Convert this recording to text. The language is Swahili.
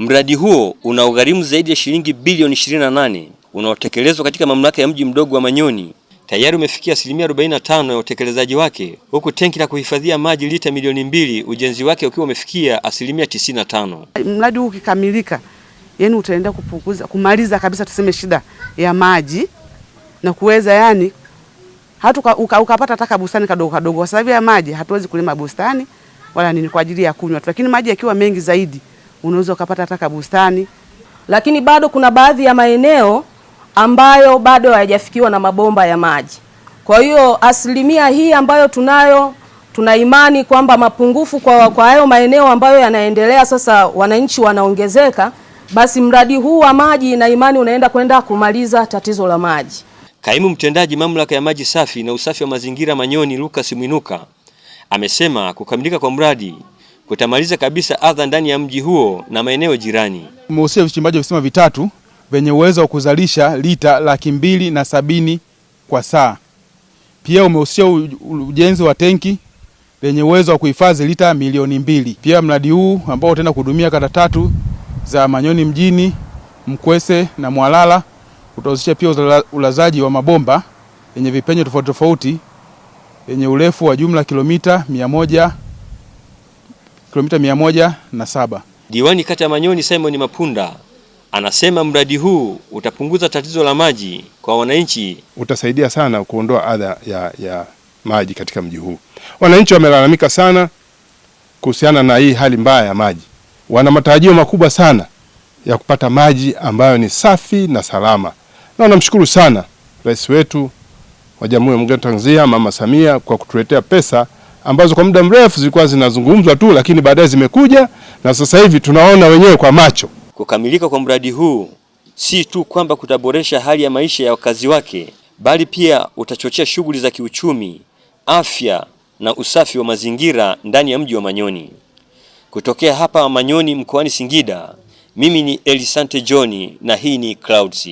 Mradi huo una ugharimu zaidi ya shilingi bilioni 28 unaotekelezwa katika mamlaka ya mji mdogo wa Manyoni tayari umefikia asilimia 45 ya utekelezaji wake, huku tenki la kuhifadhia maji lita milioni mbili ujenzi wake ukiwa umefikia asilimia 95. Mradi huu ukikamilika, yani utaenda kupunguza kumaliza kabisa tuseme shida ya maji na kuweza yani hata uka, ukapata taka bustani kadogo kadogo. Kwa sababu ya maji hatuwezi kulima bustani wala nini kwa ajili ya kunywa, lakini maji yakiwa mengi zaidi unaweza ukapata hata kabustani, lakini bado kuna baadhi ya maeneo ambayo bado hayajafikiwa na mabomba ya maji. Kwa hiyo asilimia hii ambayo tunayo, tuna imani kwamba mapungufu kwa kwa hayo maeneo ambayo yanaendelea sasa, wananchi wanaongezeka, basi mradi huu wa maji na imani unaenda kwenda kumaliza tatizo la maji. Kaimu mtendaji mamlaka ya maji safi na usafi wa mazingira Manyoni, Lucas Mwinuka amesema kukamilika kwa mradi kutamaliza kabisa adha ndani ya mji huo na maeneo jirani. Umehusisha vichimbaji wa visima vitatu vyenye uwezo wa kuzalisha lita laki mbili na sabini kwa saa. Pia umehusisha ujenzi wa tenki lenye uwezo wa kuhifadhi lita milioni mbili. Pia mradi huu ambao utaenda kuhudumia kata tatu za Manyoni mjini, Mkwese na Mwalala utahusisha pia ulazaji wa mabomba yenye vipenyo tofauti tofauti yenye urefu wa jumla kilomita mia moja kilomita mia moja na saba. Diwani kata ya Manyoni Simon Mapunda anasema mradi huu utapunguza tatizo la maji kwa wananchi, utasaidia sana kuondoa adha ya, ya maji katika mji huu. Wananchi wamelalamika sana kuhusiana na hii hali mbaya ya maji, wana matarajio makubwa sana ya kupata maji ambayo ni safi na salama, na namshukuru sana rais wetu wa Jamhuri ya Muungano wa Tanzania Mama Samia kwa kutuletea pesa ambazo kwa muda mrefu zilikuwa zinazungumzwa tu, lakini baadaye zimekuja na sasa hivi tunaona wenyewe kwa macho. Kukamilika kwa mradi huu si tu kwamba kutaboresha hali ya maisha ya wakazi wake, bali pia utachochea shughuli za kiuchumi, afya na usafi wa mazingira ndani ya mji wa Manyoni. Kutokea hapa Manyoni mkoani Singida, mimi ni Elisante John na hii ni Clouds.